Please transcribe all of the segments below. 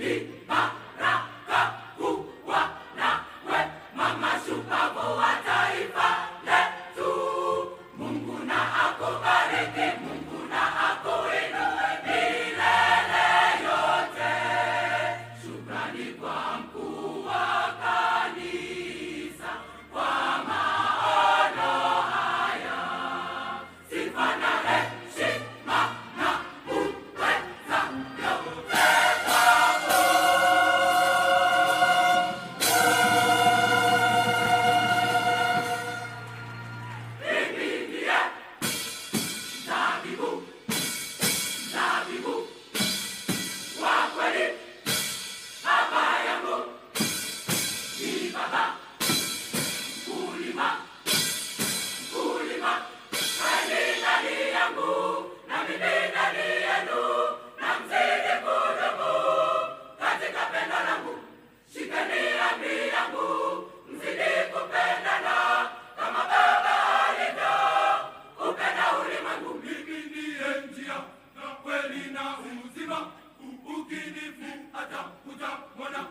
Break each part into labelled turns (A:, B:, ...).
A: Beat
B: Muda, Mona,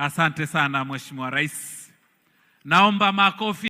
C: Asante sana Mheshimiwa Rais, naomba makofi.